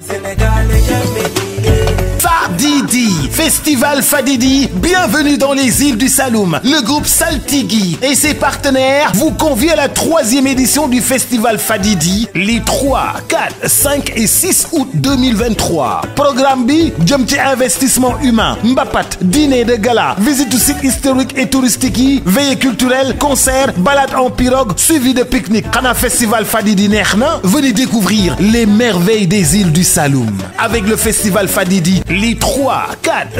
Senegal, Jamaica. Festival Fadidi, bienvenue dans les îles du Saloum. Le groupe Saltigui et ses partenaires vous convient à la troisième édition du Festival Fadidi les 3, 4, 5 et 6 août 2023. Programme B, investissement humain mbapat dîner de gala visite site historique et touristique veille veillée culturelle concert balade en pirogue suivi de pique-nique Kana Festival Fadidi neex venez découvrir les merveilles des îles du Saloum avec le Festival Fadidi les 3, 4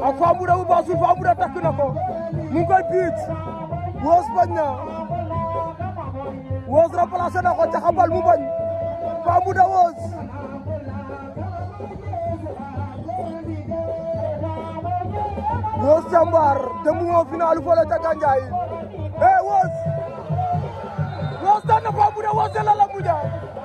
waaw faamu da bu baasul faamu da takk na ko mu ngi koy piit woos bañ na woos remplacé na ko jaxabal mu bañ faamu da woos woos jàmbaar dem woo final fole ca Gandiaye eh woos na faamu da woos la la